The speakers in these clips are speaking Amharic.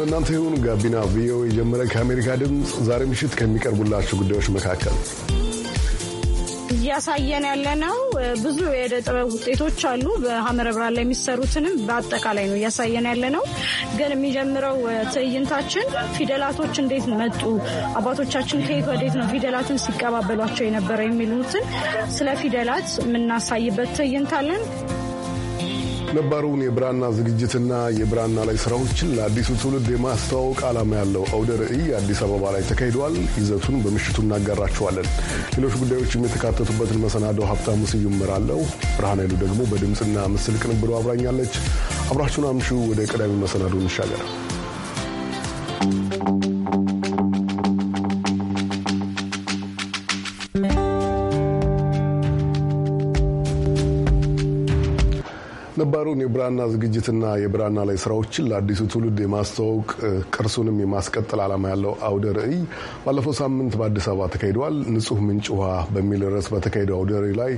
ለእናንተ ይሁን። ጋቢና ቪኦኤ የጀመረ ከአሜሪካ ድምፅ ዛሬ ምሽት ከሚቀርቡላቸው ጉዳዮች መካከል እያሳየን ያለ ነው። ብዙ የእደ ጥበብ ውጤቶች አሉ። በሐመረ ብርሃን ላይ የሚሰሩትንም በአጠቃላይ ነው እያሳየን ያለ ነው። ግን የሚጀምረው ትዕይንታችን ፊደላቶች እንዴት መጡ፣ አባቶቻችን ከየት ወዴት ነው ፊደላትን ሲቀባበሏቸው የነበረ የሚሉትን ስለ ፊደላት የምናሳይበት ትዕይንት አለን። ነባሩን የብራና ዝግጅትና የብራና ላይ ስራዎችን ለአዲሱ ትውልድ የማስተዋወቅ ዓላማ ያለው አውደ ርዕይ አዲስ አበባ ላይ ተካሂደዋል። ይዘቱን በምሽቱ እናጋራችኋለን። ሌሎች ጉዳዮችም የተካተቱበትን መሰናደው ሀብታሙ ስዩም እመራለሁ። ብርሃን ኃይሉ ደግሞ በድምፅና ምስል ቅንብሎ አብራኛለች። አብራችሁን አምሹ። ወደ ቀዳሚ መሰናዶ እንሻገር። ያለውን የብራና ዝግጅትና የብራና ላይ ስራዎችን ለአዲሱ ትውልድ የማስተዋወቅ ቅርሱንም የማስቀጠል ዓላማ ያለው አውደ ርዕይ ባለፈው ሳምንት በአዲስ አበባ ተካሂደዋል። ንጹህ ምንጭ ውሃ በሚል ርዕስ በተካሄደው አውደ ርዕይ ላይ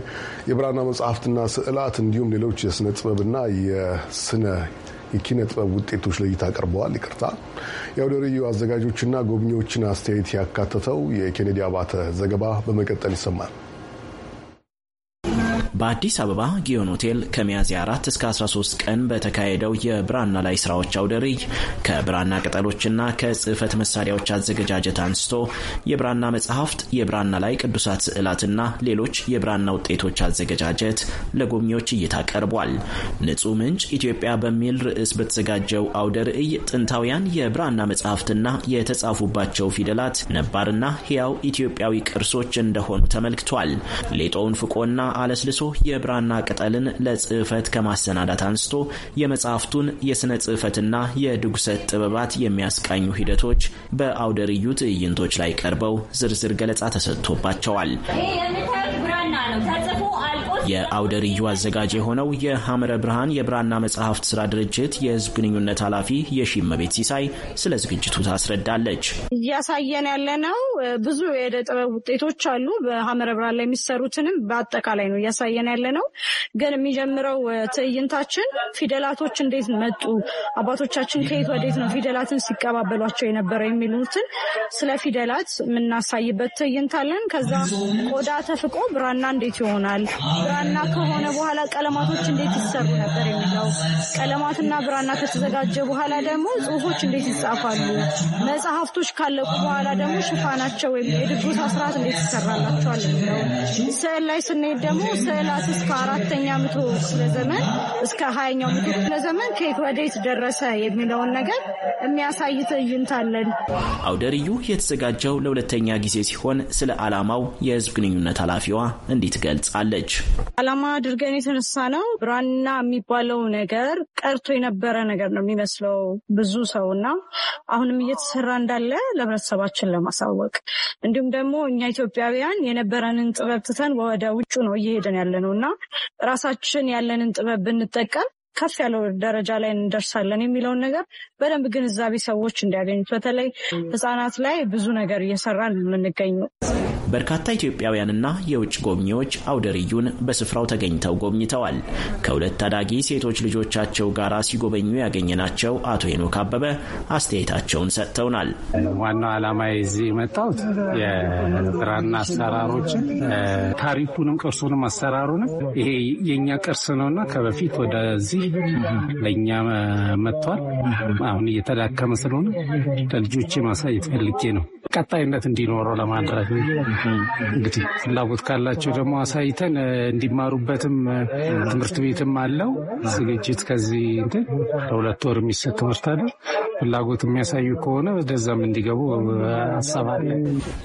የብራና መጽሐፍትና ስዕላት እንዲሁም ሌሎች የስነ ጥበብና የስነ የኪነ ጥበብ ውጤቶች ለእይታ ቀርበዋል። ይቅርታ የአውደ ርዕዩ አዘጋጆችና ጎብኚዎችን አስተያየት ያካተተው የኬኔዲ አባተ ዘገባ በመቀጠል ይሰማል። በአዲስ አበባ ጊዮን ሆቴል ከሚያዝያ 4 እስከ 13 ቀን በተካሄደው የብራና ላይ ስራዎች አውደ ርዕይ ከብራና ቅጠሎችና ከጽህፈት መሳሪያዎች አዘገጃጀት አንስቶ የብራና መጽሐፍት፣ የብራና ላይ ቅዱሳት ስዕላትና ሌሎች የብራና ውጤቶች አዘገጃጀት ለጎብኚዎች እይታ ቀርቧል። ንጹህ ምንጭ ኢትዮጵያ በሚል ርዕስ በተዘጋጀው አውደ ርዕይ ጥንታውያን የብራና መጽሐፍትና የተጻፉባቸው ፊደላት ነባርና ሕያው ኢትዮጵያዊ ቅርሶች እንደሆኑ ተመልክቷል። ሌጦውን ፍቆና አለስልሶ መልሶ የብራና ቅጠልን ለጽህፈት ከማሰናዳት አንስቶ የመጽሐፍቱን የሥነ ጽህፈትና የድጉሰት ጥበባት የሚያስቃኙ ሂደቶች በአውደ ርዕዩ ትዕይንቶች ላይ ቀርበው ዝርዝር ገለጻ ተሰጥቶባቸዋል። የአውደ ርዕዩ አዘጋጅ የሆነው የሐመረ ብርሃን የብራና መጽሐፍት ስራ ድርጅት የህዝብ ግንኙነት ኃላፊ የሺመቤት ሲሳይ ስለ ዝግጅቱ ታስረዳለች። እያሳየን ነው። ብዙ የእደ ጥበብ ውጤቶች አሉ። በሐመረ ብርሃን ላይ የሚሰሩትንም በአጠቃላይ ነው እያሳየን ያለ ነው። ግን የሚጀምረው ትዕይንታችን ፊደላቶች እንዴት መጡ፣ አባቶቻችን ከየት ወዴት ነው ፊደላትን ሲቀባበሏቸው የነበረው የሚሉትን ስለ ፊደላት የምናሳይበት ትዕይንት አለን። ከዛ ቆዳ ተፍቆ ብራና እንዴት ይሆናል፣ ብራና ከሆነ በኋላ ቀለማቶች እንዴት ይሰሩ ነበር የሚለው ቀለማትና ብራና ከተዘጋጀ በኋላ ደግሞ ጽሁፎች እንዴት ይጻፋሉ፣ መጽሐፍቶች ካለቁ በኋላ ደግሞ ሽፋናቸው ወይም የድጎሳ ስርዓት እንዴት ይሰራላቸዋል የሚለው ስዕል ላይ ስንሄድ ደግሞ ስዕላት እስከ አራተኛ መቶ ክፍለ ዘመን እስከ ሀያኛው መቶ ክፍለ ዘመን ከየት ወዴት ደረሰ የሚለውን ነገር የሚያሳይ ትዕይንት አለን። የተዘጋጀው ለሁለተኛ ጊዜ ሲሆን ስለ ዓላማው የህዝብ ግንኙነት ኃላፊዋ እንዲት ገልጻለች። አላማ አድርገን የተነሳ ነው። ብራና የሚባለው ነገር ቀርቶ የነበረ ነገር ነው የሚመስለው ብዙ ሰው እና አሁንም እየተሰራ እንዳለ ለህብረተሰባችን ለማሳወቅ እንዲሁም ደግሞ እኛ ኢትዮጵያውያን የነበረንን ጥበብ ትተን ወደ ውጩ ነው እየሄደን ያለ ነው እና ራሳችን ያለንን ጥበብ ብንጠቀም ከፍ ያለው ደረጃ ላይ እንደርሳለን የሚለውን ነገር በደንብ ግንዛቤ ሰዎች እንዲያገኙት በተለይ ህጻናት ላይ ብዙ ነገር እየሰራን የምንገኘው በርካታ ኢትዮጵያውያንና የውጭ ጎብኚዎች አውደ ርዕዩን በስፍራው ተገኝተው ጎብኝተዋል። ከሁለት ታዳጊ ሴቶች ልጆቻቸው ጋር ሲጎበኙ ያገኘናቸው አቶ ሄኖክ አበበ አስተያየታቸውን ሰጥተውናል። ዋናው ዓላማ የዚህ የመጣሁት የስራና አሰራሮችን ታሪኩንም፣ ቅርሱንም፣ አሰራሩንም ይሄ የእኛ ቅርስ ነውና ከበፊት ወደዚህ ለእኛ መጥቷል። አሁን እየተዳከመ ስለሆነ ለልጆቼ ማሳየት ፈልጌ ነው። ቀጣይነት እንዲኖረው ለማድረግ እንግዲህ ፍላጎት ካላቸው ደግሞ አሳይተን እንዲማሩበትም ትምህርት ቤትም አለው ዝግጅት ከዚህ እንትን ለሁለት ወር የሚሰጥ ትምህርት አለ። ፍላጎት የሚያሳዩ ከሆነ ወደዛም እንዲገቡ አሰባለ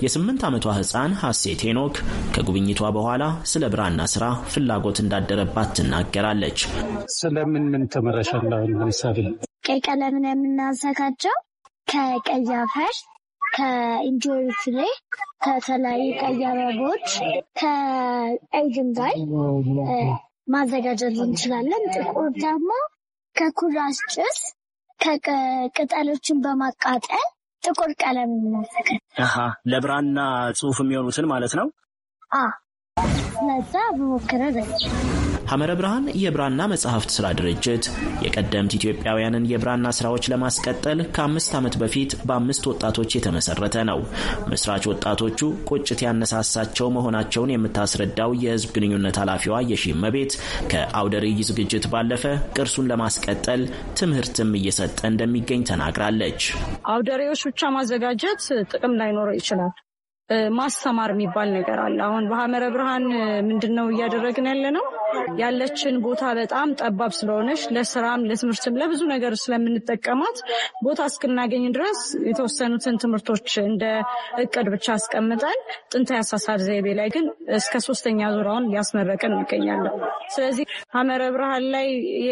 የስምንት ዓመቷ ህፃን ሀሴት ሄኖክ ከጉብኝቷ በኋላ ስለ ብራና ስራ ፍላጎት እንዳደረባት ትናገራለች። ስለምን ምን ተመረሻላ ለምሳሌ ቀይ ቀለምን የምናዘጋጀው ከቀይ አፈር ከኢንጆሪ ፍሬ፣ ከተለያዩ ቀይ አበቦች፣ ከቀይ ድንጋይ ማዘጋጀት እንችላለን። ጥቁር ደግሞ ከኩራስ ጭስ ከቅጠሎችን በማቃጠል ጥቁር ቀለም እናዘጋል። ለብራና ጽሑፍ የሚሆኑትን ማለት ነው። ለዛ በሞክረ ሐመረ ብርሃን የብራና መጽሐፍት ስራ ድርጅት የቀደምት ኢትዮጵያውያንን የብራና ስራዎች ለማስቀጠል ከአምስት ዓመት በፊት በአምስት ወጣቶች የተመሰረተ ነው። ምስራች ወጣቶቹ ቁጭት ያነሳሳቸው መሆናቸውን የምታስረዳው የህዝብ ግንኙነት ኃላፊዋ የሺመቤት ቤት ከአውደ ርዕይ ዝግጅት ባለፈ ቅርሱን ለማስቀጠል ትምህርትም እየሰጠ እንደሚገኝ ተናግራለች። አውደ ርዕዮች ብቻ ማዘጋጀት ጥቅም ላይኖረው ይችላል። ማስተማር የሚባል ነገር አለ። አሁን በሐመረ ብርሃን ምንድን ነው እያደረግን ያለ ነው? ያለችን ቦታ በጣም ጠባብ ስለሆነች ለስራም ለትምህርትም ለብዙ ነገር ስለምንጠቀማት ቦታ እስክናገኝ ድረስ የተወሰኑትን ትምህርቶች እንደ እቅድ ብቻ አስቀምጠን ጥንታዊ አሳሳል ዘይቤ ላይ ግን እስከ ሶስተኛ ዙሪያውን እያስመረቅን እንገኛለን። ስለዚህ ሐመረ ብርሃን ላይ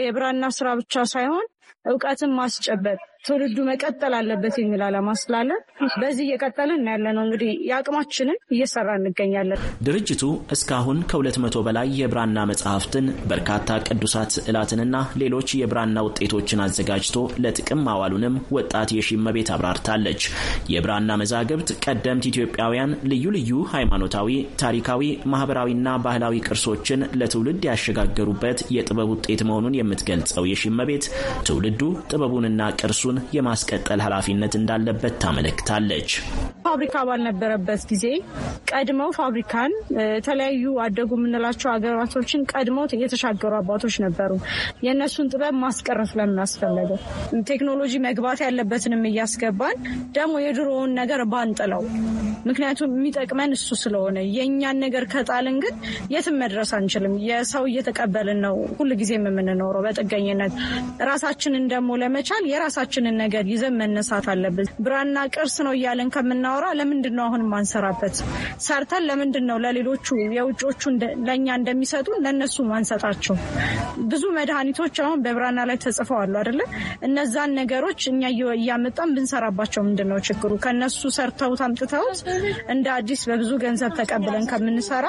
የብራና ስራ ብቻ ሳይሆን እውቀትን ማስጨበጥ ትውልዱ መቀጠል አለበት የሚል ዓላማ ስላለን በዚህ እየቀጠልን ያለ ነው። እንግዲህ የአቅማችንን እየሰራ እንገኛለን። ድርጅቱ እስካሁን ከሁለት መቶ በላይ የብራና መጽሐፍትን በርካታ ቅዱሳት ስዕላትንና ሌሎች የብራና ውጤቶችን አዘጋጅቶ ለጥቅም ማዋሉንም ወጣት የሺመቤት አብራርታለች። የብራና መዛግብት ቀደምት ኢትዮጵያውያን ልዩ ልዩ ሃይማኖታዊ፣ ታሪካዊ፣ ማህበራዊና ባህላዊ ቅርሶችን ለትውልድ ያሸጋገሩበት የጥበብ ውጤት መሆኑን የምትገልጸው የሺመቤት ትውልዱ ጥበቡንና ቅርሱን ልማቱን የማስቀጠል ኃላፊነት እንዳለበት ታመለክታለች። ፋብሪካ ባልነበረበት ጊዜ ቀድመው ፋብሪካን የተለያዩ አደጉ የምንላቸው ሀገራቶችን ቀድመው የተሻገሩ አባቶች ነበሩ። የእነሱን ጥበብ ማስቀረት ለምን አስፈለገ? ቴክኖሎጂ መግባት ያለበትንም እያስገባን ደግሞ የድሮውን ነገር ባንጥለው። ምክንያቱም የሚጠቅመን እሱ ስለሆነ የእኛን ነገር ከጣልን ግን የትም መድረስ አንችልም። የሰው እየተቀበልን ነው ሁል ጊዜ የምንኖረው በጥገኝነት። ራሳችንን ደግሞ ለመቻል የራሳችን ያለንን ነገር ይዘን መነሳት አለብን። ብራና ቅርስ ነው እያለን ከምናወራ ለምንድን ነው አሁን ማንሰራበት? ሰርተን ለምንድን ነው ለሌሎቹ የውጮቹ ለእኛ እንደሚሰጡ ለእነሱ ማንሰጣቸው? ብዙ መድኃኒቶች አሁን በብራና ላይ ተጽፈው አሉ አይደለ? እነዛን ነገሮች እኛ እያመጣን ብንሰራባቸው ምንድን ነው ችግሩ? ከነሱ ሰርተውት አምጥተውት እንደ አዲስ በብዙ ገንዘብ ተቀብለን ከምንሰራ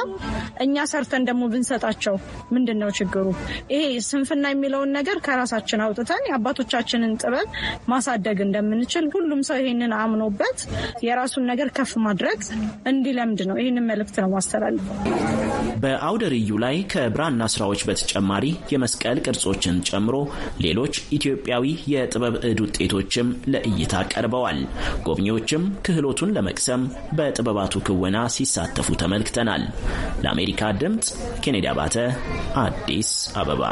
እኛ ሰርተን ደግሞ ብንሰጣቸው ምንድን ነው ችግሩ? ይሄ ስንፍና የሚለውን ነገር ከራሳችን አውጥተን የአባቶቻችንን ጥበብ ማሳደግ እንደምንችል ሁሉም ሰው ይህንን አምኖበት የራሱን ነገር ከፍ ማድረግ እንዲለምድ ነው። ይህንን መልእክት ነው ማስተላለፍ። በአውደ ርዕዩ ላይ ከብራና ስራዎች በተጨማሪ የመስቀል ቅርጾችን ጨምሮ ሌሎች ኢትዮጵያዊ የጥበብ እድ ውጤቶችም ለእይታ ቀርበዋል። ጎብኚዎችም ክህሎቱን ለመቅሰም በጥበባቱ ክወና ሲሳተፉ ተመልክተናል። ለአሜሪካ ድምፅ ኬኔዲ አባተ አዲስ አበባ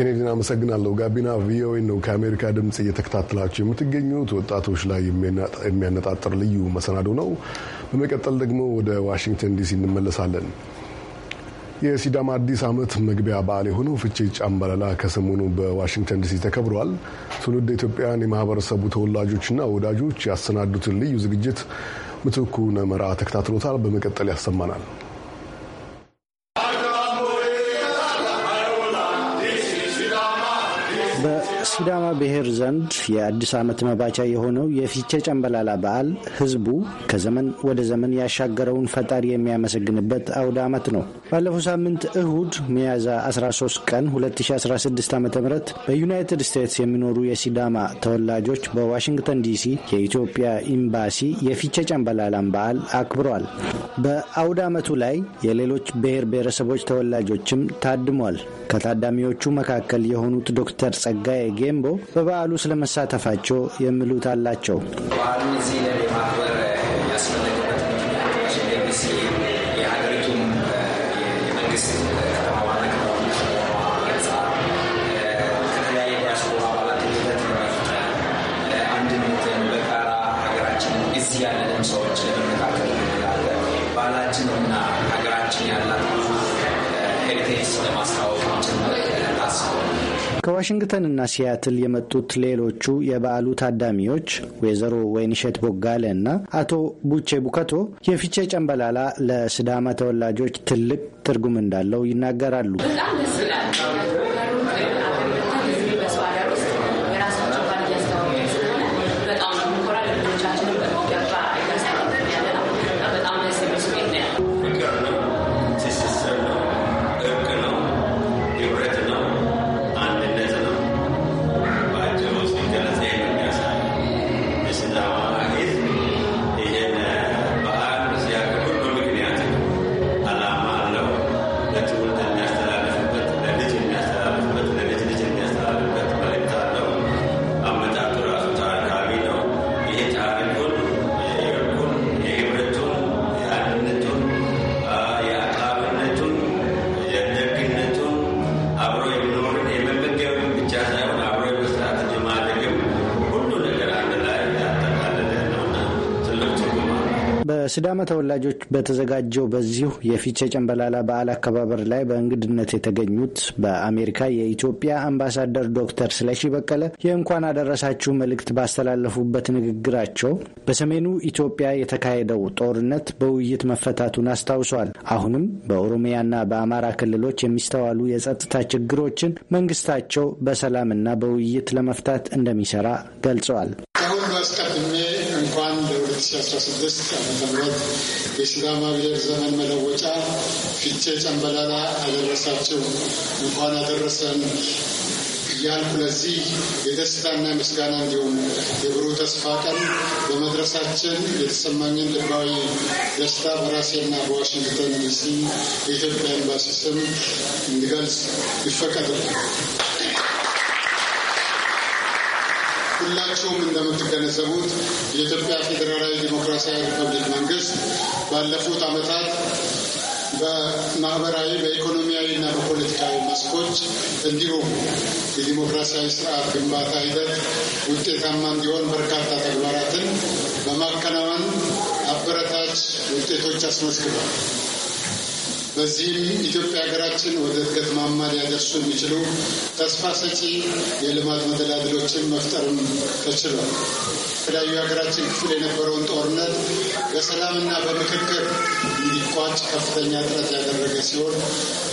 ኬኔዲን አመሰግናለሁ። ጋቢና ቪኦኤ ነው ከአሜሪካ ድምፅ እየተከታተላችሁ የምትገኙት ወጣቶች ላይ የሚያነጣጥር ልዩ መሰናዶ ነው። በመቀጠል ደግሞ ወደ ዋሽንግተን ዲሲ እንመለሳለን። የሲዳማ አዲስ ዓመት መግቢያ በዓል የሆነው ፍቼ ጫምባላላ ከሰሞኑ በዋሽንግተን ዲሲ ተከብሯል። ትውልድ ኢትዮጵያውያን የማህበረሰቡ ተወላጆችና ወዳጆች ያሰናዱትን ልዩ ዝግጅት ምትኩ ነመራ ተከታትሎታል። በመቀጠል ያሰማናል። በሲዳማ ብሔር ዘንድ የአዲስ ዓመት መባቻ የሆነው የፊቼ ጨንበላላ በዓል ህዝቡ ከዘመን ወደ ዘመን ያሻገረውን ፈጣሪ የሚያመሰግንበት አውደ ዓመት ነው። ባለፈው ሳምንት እሁድ ሚያዝያ 13 ቀን 2016 ዓ ም በዩናይትድ ስቴትስ የሚኖሩ የሲዳማ ተወላጆች በዋሽንግተን ዲሲ የኢትዮጵያ ኤምባሲ የፊቼ ጨንበላላን በዓል አክብረዋል። በአውደ ዓመቱ ላይ የሌሎች ብሔር ብሔረሰቦች ተወላጆችም ታድሟል። ከታዳሚዎቹ መካከል የሆኑት ዶክተር ጸጋዬ ኤምቦ በበዓሉ ስለመሳተፋቸው የሚሉት አላቸው። በዓሉን እዚህ ለማክበር ያስፈለ ከዋሽንግተንና ሲያትል የመጡት ሌሎቹ የበዓሉ ታዳሚዎች ወይዘሮ ወይንሸት ቦጋለ እና አቶ ቡቼ ቡከቶ የፊቼ ጨንበላላ ለስዳማ ተወላጆች ትልቅ ትርጉም እንዳለው ይናገራሉ። በሲዳማ ተወላጆች በተዘጋጀው በዚሁ የፊቼ ጨንበላላ በዓል አከባበር ላይ በእንግድነት የተገኙት በአሜሪካ የኢትዮጵያ አምባሳደር ዶክተር ስለሺ በቀለ የእንኳን አደረሳችሁ መልእክት ባስተላለፉበት ንግግራቸው በሰሜኑ ኢትዮጵያ የተካሄደው ጦርነት በውይይት መፈታቱን አስታውሷል። አሁንም በኦሮሚያና በአማራ ክልሎች የሚስተዋሉ የጸጥታ ችግሮችን መንግስታቸው በሰላምና በውይይት ለመፍታት እንደሚሰራ ገልጸዋል። አስቀድሜ እንኳን ለ2016 ም የሲዳማ ብሔር ዘመን መለወጫ ፊቼ ጨንበላላ አደረሳችሁ፣ እንኳን አደረሰን እያልኩ ለዚህ የደስታና የምስጋና እንዲሁም የብሩህ ተስፋ ቀን በመድረሳችን የተሰማኝን ልባዊ ደስታ በራሴና በዋሽንግተን ዲሲ የኢትዮጵያ ኤምባሲ ስም እንዲገልጽ ይፈቀድልኝ። ሁላችሁም እንደምትገነዘቡት የኢትዮጵያ ፌዴራላዊ ዲሞክራሲያዊ ሪፐብሊክ መንግስት ባለፉት ዓመታት በማህበራዊ በኢኮኖሚያዊ እና በፖለቲካዊ መስኮች እንዲሁም የዲሞክራሲያዊ ስርዓት ግንባታ ሂደት ውጤታማ እንዲሆን በርካታ ተግባራትን በማከናወን አበረታች ውጤቶች አስመዝግቧል። በዚህም ኢትዮጵያ ሀገራችን ወደ እድገት ማማ ሊያደርሱ የሚችሉ ተስፋ ሰጪ የልማት መደላድሎችን መፍጠርም ተችሏል። የተለያዩ የሀገራችን ክፍል የነበረውን ጦርነት በሰላምና በምክክር እንዲቋጭ ከፍተኛ ጥረት ያደረገ ሲሆን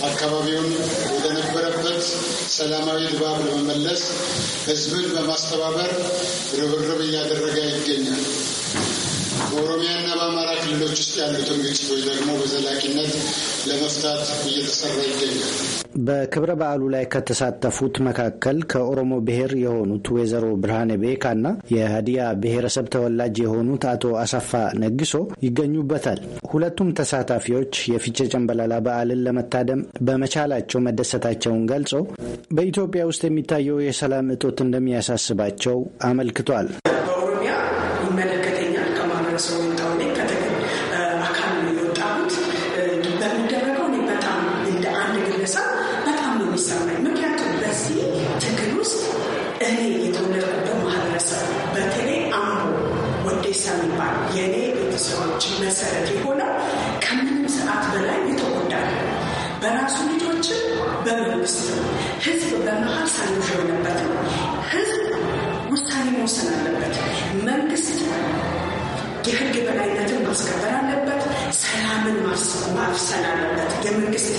አካባቢውን ወደነበረበት ሰላማዊ ድባብ ለመመለስ ሕዝብን በማስተባበር ርብርብ እያደረገ ይገኛል። በኦሮሚያና በአማራ ክልሎች ውስጥ ያሉትን ግጭቶች ደግሞ በዘላቂነት ለመፍታት እየተሰራ ይገኛል። በክብረ በዓሉ ላይ ከተሳተፉት መካከል ከኦሮሞ ብሔር የሆኑት ወይዘሮ ብርሃነ ቤካና የሀዲያ ብሔረሰብ ተወላጅ የሆኑት አቶ አሰፋ ነግሶ ይገኙበታል። ሁለቱም ተሳታፊዎች የፊቼ ጨንበላላ በዓልን ለመታደም በመቻላቸው መደሰታቸውን ገልጸው በኢትዮጵያ ውስጥ የሚታየው የሰላም እጦት እንደሚያሳስባቸው አመልክቷል። የህግ በላይነትን ማስከበር አለበት። ሰላምን ማፍሰን አለበት። የመንግስት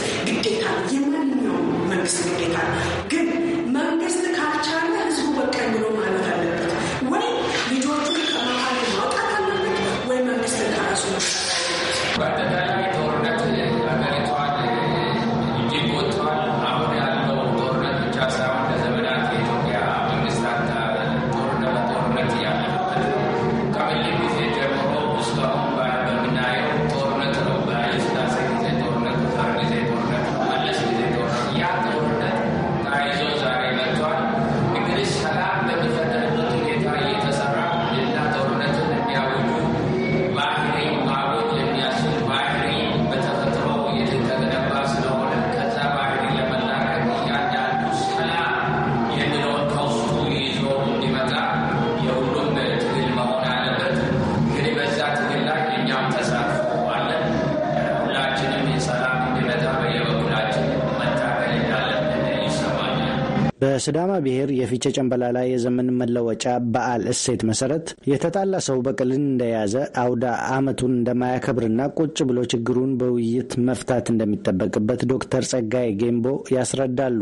በሲዳማ ብሔር የፊቼ ጨንበላላ የዘመን መለወጫ በዓል እሴት መሰረት የተጣላ ሰው በቀልን እንደያዘ አውዳ ዓመቱን እንደማያከብርና ቁጭ ብሎ ችግሩን በውይይት መፍታት እንደሚጠበቅበት ዶክተር ጸጋይ ጌምቦ ያስረዳሉ።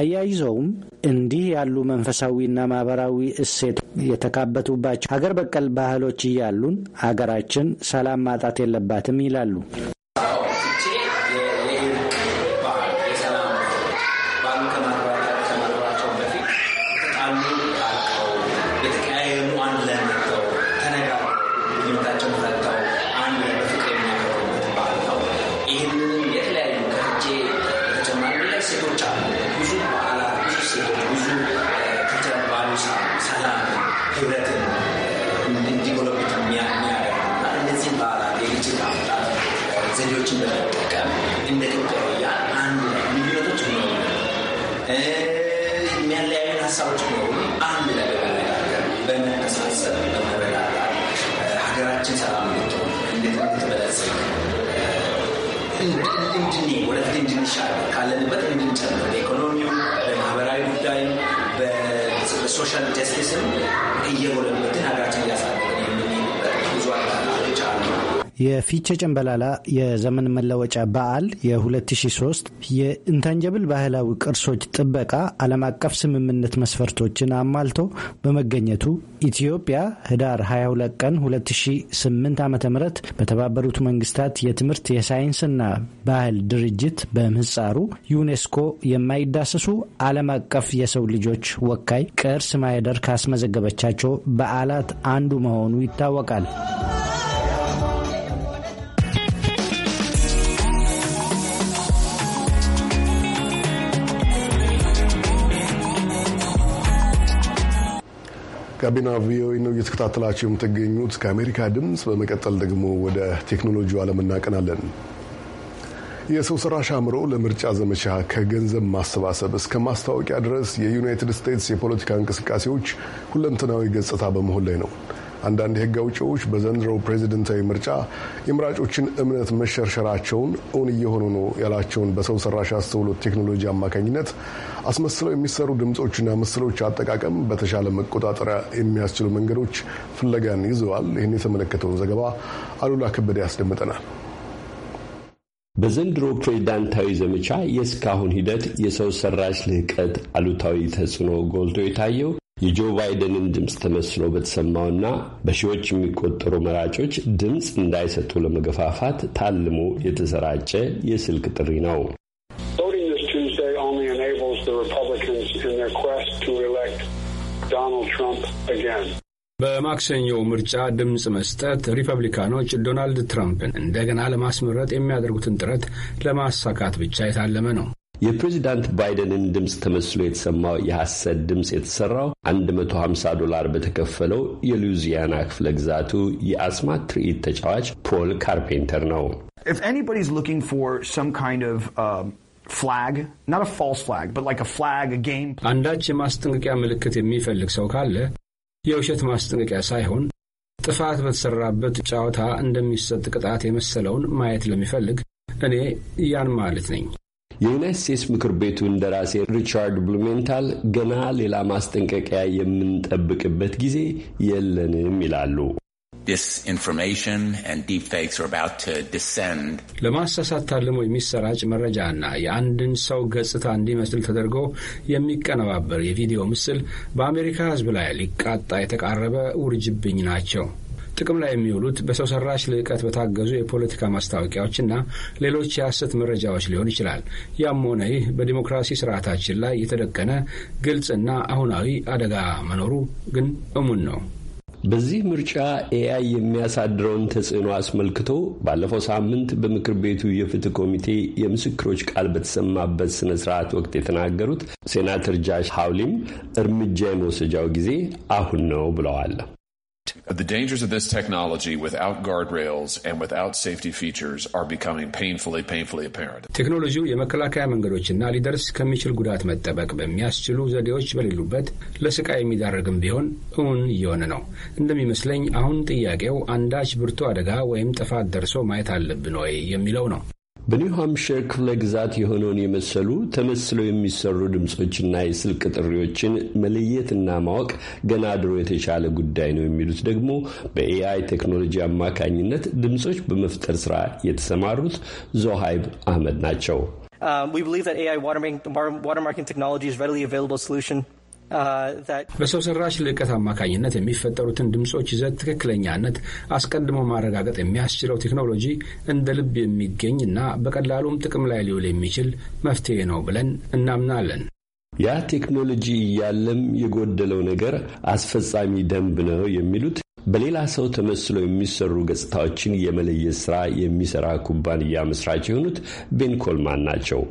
አያይዘውም እንዲህ ያሉ መንፈሳዊና ማህበራዊ እሴት የተካበቱባቸው ሀገር በቀል ባህሎች እያሉን ሀገራችን ሰላም ማጣት የለባትም ይላሉ። ሶሻል ጀስቲስን እየጎለበትን ሀገራችን እያሳለ የፊቼ ጨንበላላ የዘመን መለወጫ በዓል የ2003 የኢንታንጀብል ባህላዊ ቅርሶች ጥበቃ ዓለም አቀፍ ስምምነት መስፈርቶችን አሟልቶ በመገኘቱ ኢትዮጵያ ህዳር 22 ቀን 2008 ዓ ም በተባበሩት መንግስታት የትምህርት የሳይንስና ባህል ድርጅት በምህጻሩ ዩኔስኮ የማይዳሰሱ ዓለም አቀፍ የሰው ልጆች ወካይ ቅርስ ማህደር ካስመዘገበቻቸው በዓላት አንዱ መሆኑ ይታወቃል። ጋቢና ቪኦኤ ነው እየተከታተላቸው የምትገኙት ከአሜሪካ ድምፅ። በመቀጠል ደግሞ ወደ ቴክኖሎጂ ዓለም እናቀናለን። የሰው ሰራሽ አእምሮ ለምርጫ ዘመቻ ከገንዘብ ማሰባሰብ እስከ ማስታወቂያ ድረስ የዩናይትድ ስቴትስ የፖለቲካ እንቅስቃሴዎች ሁለንተናዊ ገጽታ በመሆን ላይ ነው። አንዳንድ የህግ አውጪዎች በዘንድሮው ፕሬዝደንታዊ ምርጫ የምራጮችን እምነት መሸርሸራቸውን እውን እየሆኑ ነው ያላቸውን በሰው ሰራሽ አስተውሎት ቴክኖሎጂ አማካኝነት አስመስለው የሚሰሩ ድምፆችና ምስሎች አጠቃቀም በተሻለ መቆጣጠሪያ የሚያስችሉ መንገዶች ፍለጋን ይዘዋል። ይህን የተመለከተውን ዘገባ አሉላ ከበደ ያስደምጠናል። በዘንድሮ ፕሬዚዳንታዊ ዘመቻ የእስካሁን ሂደት የሰው ሰራሽ ልህቀት አሉታዊ ተጽዕኖ ጎልቶ የታየው የጆ ባይደንን ድምፅ ተመስሎ በተሰማውና በሺዎች የሚቆጠሩ መራጮች ድምፅ እንዳይሰጡ ለመገፋፋት ታልሞ የተሰራጨ የስልክ ጥሪ ነው። በማክሰኞው ምርጫ ድምፅ መስጠት ሪፐብሊካኖች ዶናልድ ትራምፕን እንደገና ለማስመረጥ የሚያደርጉትን ጥረት ለማሳካት ብቻ የታለመ ነው። የፕሬዚዳንት ባይደንን ድምፅ ተመስሎ የተሰማው የሐሰት ድምፅ የተሰራው 150 ዶላር በተከፈለው የሉዊዚያና ክፍለ ግዛቱ የአስማት ትርኢት ተጫዋች ፖል ካርፔንተር ነው። አንዳች የማስጠንቀቂያ ምልክት የሚፈልግ ሰው ካለ የውሸት ማስጠንቀቂያ ሳይሆን ጥፋት በተሰራበት ጨዋታ እንደሚሰጥ ቅጣት የመሰለውን ማየት ለሚፈልግ እኔ ያን ማለት ነኝ። የዩናይት ስቴትስ ምክር ቤቱ እንደራሴ ሪቻርድ ብሉሜንታል ገና ሌላ ማስጠንቀቂያ የምንጠብቅበት ጊዜ የለንም ይላሉ። ለማሳሳት ታልሞ የሚሰራጭ መረጃና የአንድን ሰው ገጽታ እንዲመስል ተደርጎ የሚቀነባበር የቪዲዮ ምስል በአሜሪካ ሕዝብ ላይ ሊቃጣ የተቃረበ ውርጅብኝ ናቸው። ጥቅም ላይ የሚውሉት በሰው ሰራሽ ልዕቀት በታገዙ የፖለቲካ ማስታወቂያዎችና ሌሎች የሐሰት መረጃዎች ሊሆን ይችላል። ያም ሆነ ይህ በዲሞክራሲ ስርዓታችን ላይ የተደቀነ ግልጽና አሁናዊ አደጋ መኖሩ ግን እሙን ነው። በዚህ ምርጫ ኤአይ የሚያሳድረውን ተጽዕኖ አስመልክቶ ባለፈው ሳምንት በምክር ቤቱ የፍትህ ኮሚቴ የምስክሮች ቃል በተሰማበት ስነ ስርዓት ወቅት የተናገሩት ሴናተር ጃሽ ሀውሊም እርምጃ የመወሰጃው ጊዜ አሁን ነው ብለዋል። The dangers of this technology without guardrails and without safety features are becoming painfully, painfully apparent. ቴክኖሎጂው የመከላከያ መንገዶችና ሊደርስ ከሚችል ጉዳት መጠበቅ በሚያስችሉ ዘዴዎች በሌሉበት ለስቃይ የሚዳረግም ቢሆን እውን እየሆነ ነው። እንደሚመስለኝ አሁን ጥያቄው አንዳች ብርቱ አደጋ ወይም ጥፋት ደርሶ ማየት አለብን ወይ የሚለው ነው። በኒው ሃምፕሸር ክፍለ ግዛት የሆነውን የመሰሉ ተመስለው የሚሰሩ ድምፆችና የስልክ ጥሪዎችን መለየትና ማወቅ ገና ድሮ የተቻለ ጉዳይ ነው የሚሉት ደግሞ በኤአይ ቴክኖሎጂ አማካኝነት ድምፆች በመፍጠር ስራ የተሰማሩት ዞሃይብ አህመድ ናቸው። um, We believe that AI watermarking technology is readily available solution በሰው ሰራሽ ልዕቀት አማካኝነት የሚፈጠሩትን ድምፆች ይዘት ትክክለኛነት አስቀድሞ ማረጋገጥ የሚያስችለው ቴክኖሎጂ እንደ ልብ የሚገኝ እና በቀላሉም ጥቅም ላይ ሊውል የሚችል መፍትሄ ነው ብለን እናምናለን። ያ ቴክኖሎጂ እያለም የጎደለው ነገር አስፈጻሚ ደንብ ነው የሚሉት በሌላ ሰው ተመስለው የሚሰሩ ገጽታዎችን የመለየት ስራ የሚሰራ ኩባንያ መስራች የሆኑት ቤን ኮልማን ናቸው።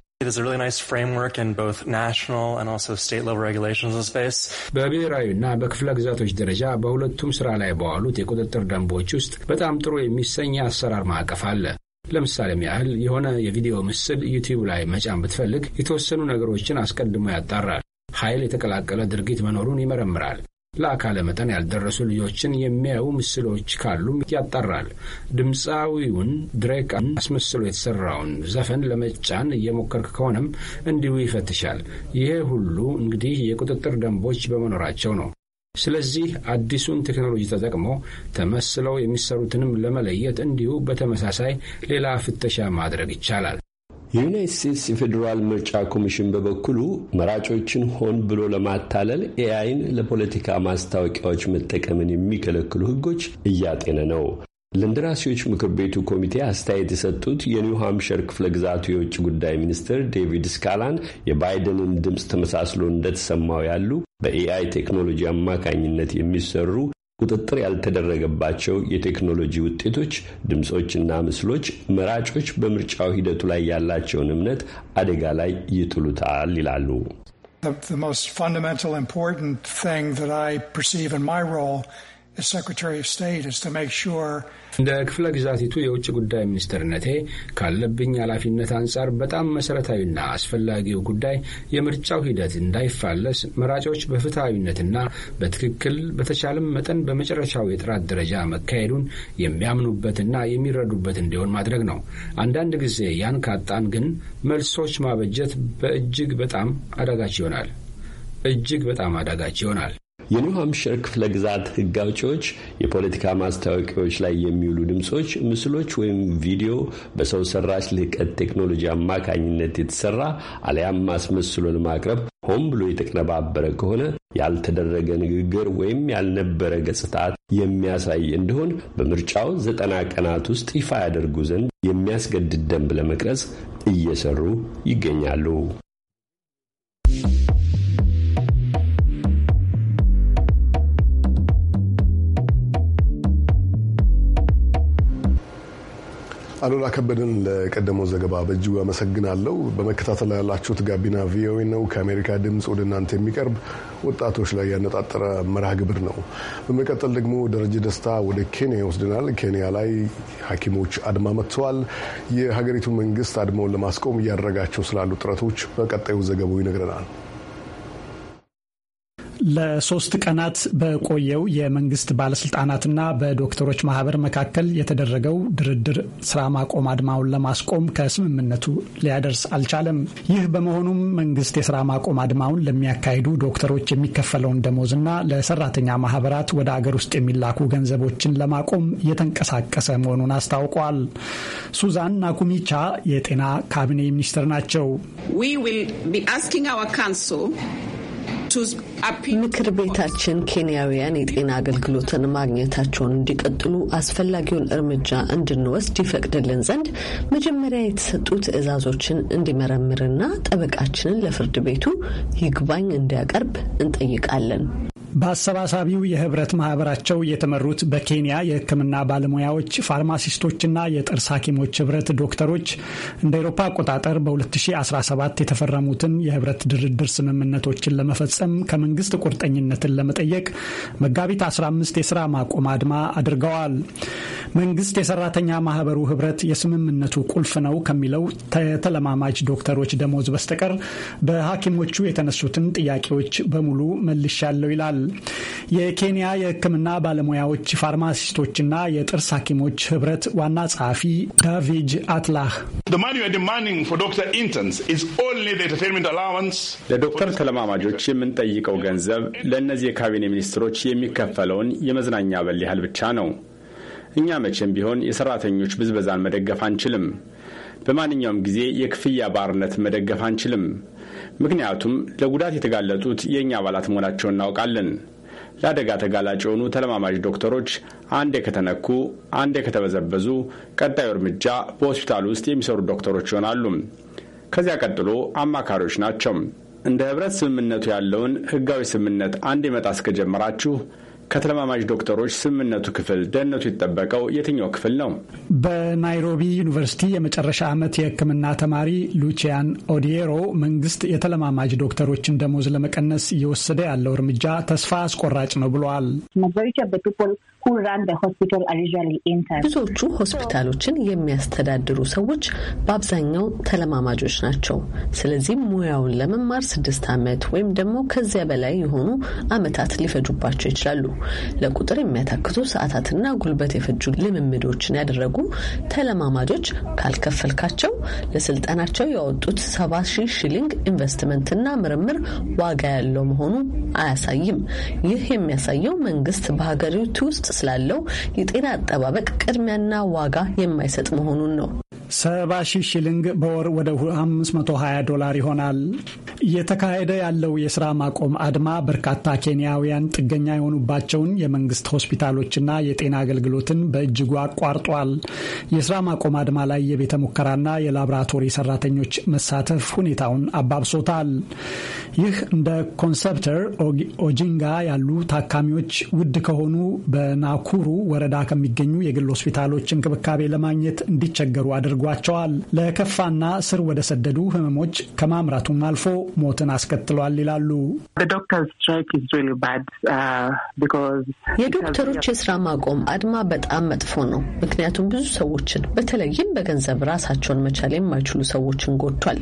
በብሔራዊና በክፍለ ግዛቶች ደረጃ በሁለቱም ስራ ላይ በዋሉት የቁጥጥር ደንቦች ውስጥ በጣም ጥሩ የሚሰኝ አሰራር ማዕቀፍ አለ። ለምሳሌም ያህል የሆነ የቪዲዮ ምስል ዩቲዩብ ላይ መጫን ብትፈልግ የተወሰኑ ነገሮችን አስቀድሞ ያጣራል። ኃይል የተቀላቀለ ድርጊት መኖሩን ይመረምራል። ለአካለ መጠን ያልደረሱ ልጆችን የሚያዩ ምስሎች ካሉም ያጣራል። ድምፃዊውን ድሬክን አስመስሎ የተሰራውን ዘፈን ለመጫን እየሞከርክ ከሆነም እንዲሁ ይፈትሻል። ይሄ ሁሉ እንግዲህ የቁጥጥር ደንቦች በመኖራቸው ነው። ስለዚህ አዲሱን ቴክኖሎጂ ተጠቅሞ ተመስለው የሚሰሩትንም ለመለየት እንዲሁ በተመሳሳይ ሌላ ፍተሻ ማድረግ ይቻላል። የዩናይት ስቴትስ የፌዴራል ምርጫ ኮሚሽን በበኩሉ መራጮችን ሆን ብሎ ለማታለል ኤአይን ለፖለቲካ ማስታወቂያዎች መጠቀምን የሚከለክሉ ሕጎች እያጤነ ነው። ለእንደራሴዎች ምክር ቤቱ ኮሚቴ አስተያየት የሰጡት የኒው ሃምፕሸር ክፍለ ግዛቱ የውጭ ጉዳይ ሚኒስትር ዴቪድ ስካላን የባይደንን ድምፅ ተመሳስሎ እንደተሰማው ያሉ በኤአይ ቴክኖሎጂ አማካኝነት የሚሰሩ ቁጥጥር ያልተደረገባቸው የቴክኖሎጂ ውጤቶች፣ ድምፆችና ምስሎች መራጮች በምርጫው ሂደቱ ላይ ያላቸውን እምነት አደጋ ላይ ይጥሉታል ይላሉ። The most fundamental important thing that I perceive in my role እንደ ክፍለ ግዛቲቱ የውጭ ጉዳይ ሚኒስትርነቴ ካለብኝ ኃላፊነት አንጻር በጣም መሠረታዊና አስፈላጊው ጉዳይ የምርጫው ሂደት እንዳይፋለስ መራጮች በፍትሐዊነትና በትክክል በተቻለም መጠን በመጨረሻው የጥራት ደረጃ መካሄዱን የሚያምኑበትና የሚረዱበት እንዲሆን ማድረግ ነው። አንዳንድ ጊዜ ያን ካጣን ግን መልሶች ማበጀት በእጅግ በጣም አዳጋች ይሆናል። እጅግ በጣም አዳጋች ይሆናል። የኒው ክፍለ ግዛት ህግ አውጪዎች የፖለቲካ ማስታወቂያዎች ላይ የሚውሉ ድምፆች፣ ምስሎች ወይም ቪዲዮ በሰው ሰራሽ ልህቀት ቴክኖሎጂ አማካኝነት የተሰራ አሊያም አስመስሎ ለማቅረብ ሆን ብሎ የተቀነባበረ ከሆነ ያልተደረገ ንግግር ወይም ያልነበረ ገጽታ የሚያሳይ እንደሆን በምርጫው ዘጠና ቀናት ውስጥ ይፋ ያደርጉ ዘንድ የሚያስገድድ ደንብ ለመቅረጽ እየሰሩ ይገኛሉ። አሉላ ከበደን ለቀደመው ዘገባ በእጅጉ አመሰግናለሁ። በመከታተል ላይ ያላችሁት ጋቢና ቪኦኤ ነው፣ ከአሜሪካ ድምፅ ወደ እናንተ የሚቀርብ ወጣቶች ላይ ያነጣጠረ መርሃ ግብር ነው። በመቀጠል ደግሞ ደረጀ ደስታ ወደ ኬንያ ይወስድናል። ኬንያ ላይ ሐኪሞች አድማ መጥተዋል። የሀገሪቱ መንግስት አድማውን ለማስቆም እያደረጋቸው ስላሉ ጥረቶች በቀጣዩ ዘገባው ይነግረናል። ለሶስት ቀናት በቆየው የመንግስት ባለስልጣናትና በዶክተሮች ማህበር መካከል የተደረገው ድርድር ስራ ማቆም አድማውን ለማስቆም ከስምምነቱ ሊያደርስ አልቻለም። ይህ በመሆኑም መንግስት የስራ ማቆም አድማውን ለሚያካሂዱ ዶክተሮች የሚከፈለውን ደሞዝና ለሰራተኛ ማህበራት ወደ አገር ውስጥ የሚላኩ ገንዘቦችን ለማቆም እየተንቀሳቀሰ መሆኑን አስታውቋል። ሱዛን ናኩሚቻ የጤና ካቢኔ ሚኒስትር ናቸው። ምክር ቤታችን ኬንያውያን የጤና አገልግሎትን ማግኘታቸውን እንዲቀጥሉ አስፈላጊውን እርምጃ እንድንወስድ ይፈቅድልን ዘንድ መጀመሪያ የተሰጡ ትዕዛዞችን እንዲመረምርና ጠበቃችንን ለፍርድ ቤቱ ይግባኝ እንዲያቀርብ እንጠይቃለን። በአሰባሳቢው የህብረት ማህበራቸው የተመሩት በኬንያ የሕክምና ባለሙያዎች ፋርማሲስቶችና የጥርስ ሐኪሞች ህብረት ዶክተሮች እንደ ኤሮፓ አቆጣጠር በ2017 የተፈረሙትን የህብረት ድርድር ስምምነቶችን ለመፈጸም ከመንግስት ቁርጠኝነትን ለመጠየቅ መጋቢት 15 የስራ ማቆም አድማ አድርገዋል። መንግስት የሰራተኛ ማህበሩ ህብረት የስምምነቱ ቁልፍ ነው ከሚለው ተለማማጅ ዶክተሮች ደሞዝ በስተቀር በሐኪሞቹ የተነሱትን ጥያቄዎች በሙሉ መልሻለሁ ይላል። የኬንያ የሕክምና ባለሙያዎች ፋርማሲስቶችና የጥርስ ሐኪሞች ህብረት ዋና ጸሐፊ ዳቪጅ አትላህ ለዶክተር ተለማማጆች የምንጠይቀው ገንዘብ ለእነዚህ የካቢኔ ሚኒስትሮች የሚከፈለውን የመዝናኛ በል ያህል ብቻ ነው። እኛ መቼም ቢሆን የሰራተኞች ብዝበዛን መደገፍ አንችልም። በማንኛውም ጊዜ የክፍያ ባርነት መደገፍ አንችልም። ምክንያቱም ለጉዳት የተጋለጡት የእኛ አባላት መሆናቸውን እናውቃለን። ለአደጋ ተጋላጭ የሆኑ ተለማማጅ ዶክተሮች አንዴ ከተነኩ፣ አንዴ ከተበዘበዙ ቀጣዩ እርምጃ በሆስፒታል ውስጥ የሚሰሩ ዶክተሮች ይሆናሉ። ከዚያ ቀጥሎ አማካሪዎች ናቸው። እንደ ህብረት ስምምነቱ ያለውን ህጋዊ ስምምነት አንድ መጣስ ከጀመራችሁ ከተለማማጅ ዶክተሮች ስምምነቱ ክፍል ደህንነቱ የተጠበቀው የትኛው ክፍል ነው? በናይሮቢ ዩኒቨርሲቲ የመጨረሻ ዓመት የሕክምና ተማሪ ሉቺያን ኦዲየሮ መንግስት የተለማማጅ ዶክተሮችን ደሞዝ ለመቀነስ እየወሰደ ያለው እርምጃ ተስፋ አስቆራጭ ነው ብለዋል። ብዙዎቹ ሆስፒታሎችን የሚያስተዳድሩ ሰዎች በአብዛኛው ተለማማጆች ናቸው። ስለዚህም ሙያውን ለመማር ስድስት ዓመት ወይም ደግሞ ከዚያ በላይ የሆኑ ዓመታት ሊፈጁባቸው ይችላሉ። ለቁጥር የሚያታክቱ ሰዓታትና ጉልበት የፈጁ ልምምዶችን ያደረጉ ተለማማጆች ካልከፈልካቸው ለስልጠናቸው ያወጡት ሰባ ሺህ ሺሊንግ ኢንቨስትመንትና ምርምር ዋጋ ያለው መሆኑ አያሳይም። ይህ የሚያሳየው መንግስት በሀገሪቱ ውስጥ ስላለው የጤና አጠባበቅ ቅድሚያና ዋጋ የማይሰጥ መሆኑን ነው ሰባ ሺህ ሺሊንግ በወር ወደ 520 ዶላር ይሆናል። እየተካሄደ ያለው የስራ ማቆም አድማ በርካታ ኬንያውያን ጥገኛ የሆኑባቸውን የመንግስት ሆስፒታሎችና የጤና አገልግሎትን በእጅጉ አቋርጧል። የስራ ማቆም አድማ ላይ የቤተ ሙከራና የላቦራቶሪ ሰራተኞች መሳተፍ ሁኔታውን አባብሶታል። ይህ እንደ ኮንሰፕተር ኦጂንጋ ያሉ ታካሚዎች ውድ ከሆኑ በናኩሩ ወረዳ ከሚገኙ የግል ሆስፒታሎች እንክብካቤ ለማግኘት እንዲቸገሩ አድርጓል። አድርጓቸዋል። ለከፋና ስር ወደ ሰደዱ ህመሞች ከማምራቱም አልፎ ሞትን አስከትሏል ይላሉ። uh, የዶክተሮች የስራ ማቆም አድማ በጣም መጥፎ ነው። ምክንያቱም ብዙ ሰዎችን በተለይም በገንዘብ ራሳቸውን መቻል የማይችሉ ሰዎችን ጎድቷል።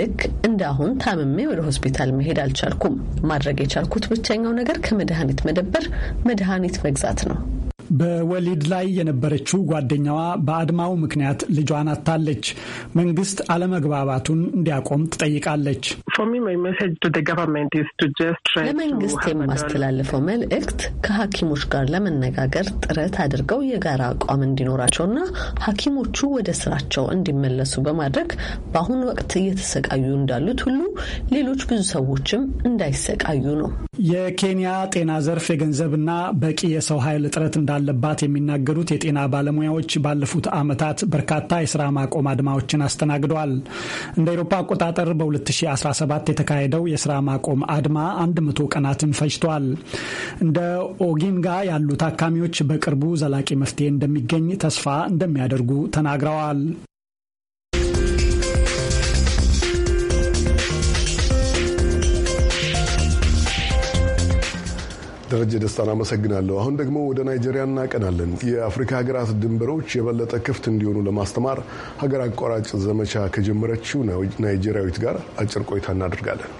ልክ እንደ አሁን ታምሜ ወደ ሆስፒታል መሄድ አልቻልኩም። ማድረግ የቻልኩት ብቸኛው ነገር ከመድኃኒት መደብር መድኃኒት መግዛት ነው። በወሊድ ላይ የነበረችው ጓደኛዋ በአድማው ምክንያት ልጇን አታለች። መንግስት አለመግባባቱን እንዲያቆም ትጠይቃለች። ለመንግስት የማስተላልፈው መልእክት ከሐኪሞች ጋር ለመነጋገር ጥረት አድርገው የጋራ አቋም እንዲኖራቸውና ሐኪሞቹ ወደ ስራቸው እንዲመለሱ በማድረግ በአሁኑ ወቅት እየተሰቃዩ እንዳሉት ሁሉ ሌሎች ብዙ ሰዎችም እንዳይሰቃዩ ነው። የኬንያ ጤና ዘርፍ የገንዘብና በቂ የሰው ኃይል እጥረት እንዳለ እንዳለባት የሚናገሩት የጤና ባለሙያዎች ባለፉት ዓመታት በርካታ የስራ ማቆም አድማዎችን አስተናግደዋል። እንደ ኤሮፓ አቆጣጠር በ2017 የተካሄደው የስራ ማቆም አድማ 100 ቀናትን ፈጅቷል። እንደ ኦጊንጋ ያሉ ታካሚዎች በቅርቡ ዘላቂ መፍትሄ እንደሚገኝ ተስፋ እንደሚያደርጉ ተናግረዋል። ደረጀ ደስታን አመሰግናለሁ። አሁን ደግሞ ወደ ናይጄሪያ እናቀናለን። የአፍሪካ ሀገራት ድንበሮች የበለጠ ክፍት እንዲሆኑ ለማስተማር ሀገር አቋራጭ ዘመቻ ከጀመረችው ናይጄሪያዊት ጋር አጭር ቆይታ እናደርጋለን።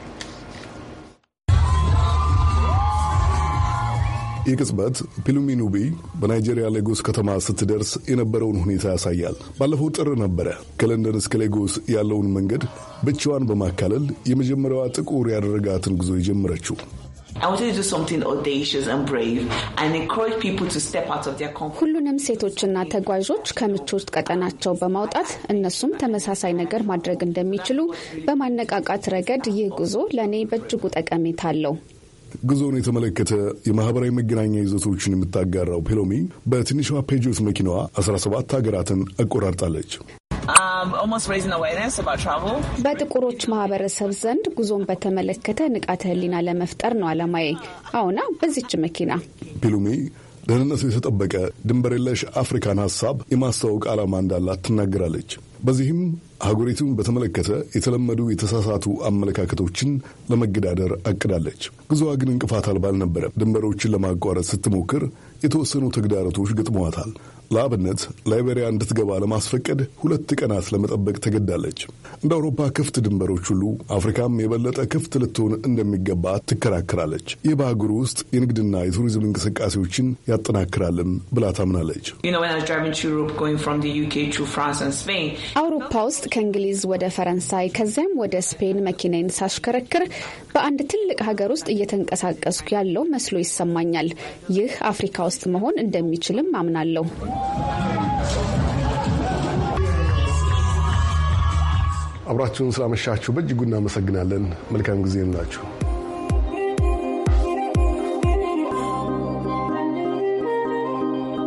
ይህ ቅጽበት ፒሉሚኑቢ በናይጄሪያ ሌጎስ ከተማ ስትደርስ የነበረውን ሁኔታ ያሳያል። ባለፈው ጥር ነበረ ከለንደን እስከ ሌጎስ ያለውን መንገድ ብቻዋን በማካለል የመጀመሪያዋ ጥቁር ያደረጋትን ጉዞ የጀመረችው። I wanted to do something audacious and brave and encourage people to step out of their comfort. ሁሉንም ሴቶችና ተጓዦች ውስጥ ቀጠናቸው በማውጣት እነሱም ተመሳሳይ ነገር ማድረግ እንደሚችሉ በማነቃቃት ረገድ ይህ ጉዞ ለእኔ በእጅጉ ጠቀሜታ አለው። ጉዞውን የተመለከተ የማህበራዊ መገናኛ ይዘቶችን የምታጋራው ፔሎሚ በትንሿ ፔጆት መኪናዋ 17 ሀገራትን አቆራርጣለች። Um, በጥቁሮች ማህበረሰብ ዘንድ ጉዞን በተመለከተ ንቃተ ህሊና ለመፍጠር ነው አለማዬ። አሁና በዚች መኪና ፒሉሜ ደህንነቱ የተጠበቀ ድንበር የለሽ አፍሪካን ሀሳብ የማስተዋወቅ ዓላማ እንዳላት ትናገራለች። በዚህም አህጉሪቱን በተመለከተ የተለመዱ የተሳሳቱ አመለካከቶችን ለመገዳደር አቅዳለች። ጉዞዋ ግን እንቅፋት አልባ አልነበረም። ድንበሮችን ለማቋረጥ ስትሞክር የተወሰኑ ተግዳሮቶች ገጥመዋታል። ለአብነት ላይቤሪያ እንድትገባ ለማስፈቀድ ሁለት ቀናት ለመጠበቅ ተገዳለች። እንደ አውሮፓ ክፍት ድንበሮች ሁሉ አፍሪካም የበለጠ ክፍት ልትሆን እንደሚገባ ትከራከራለች። ይህ በአህጉሩ ውስጥ የንግድና የቱሪዝም እንቅስቃሴዎችን ያጠናክራልም ብላ ታምናለች። አውሮፓ ውስጥ ከእንግሊዝ ወደ ፈረንሳይ ከዚያም ወደ ስፔን መኪናዬን ሳሽከረክር በአንድ ትልቅ ሀገር ውስጥ እየተንቀሳቀስኩ ያለው መስሎ ይሰማኛል። ይህ አፍሪካ ውስጥ መሆን እንደሚችልም አምናለሁ። አብራችሁን ስላመሻችሁ በእጅጉ እናመሰግናለን። መልካም ጊዜ ይሁንላችሁ።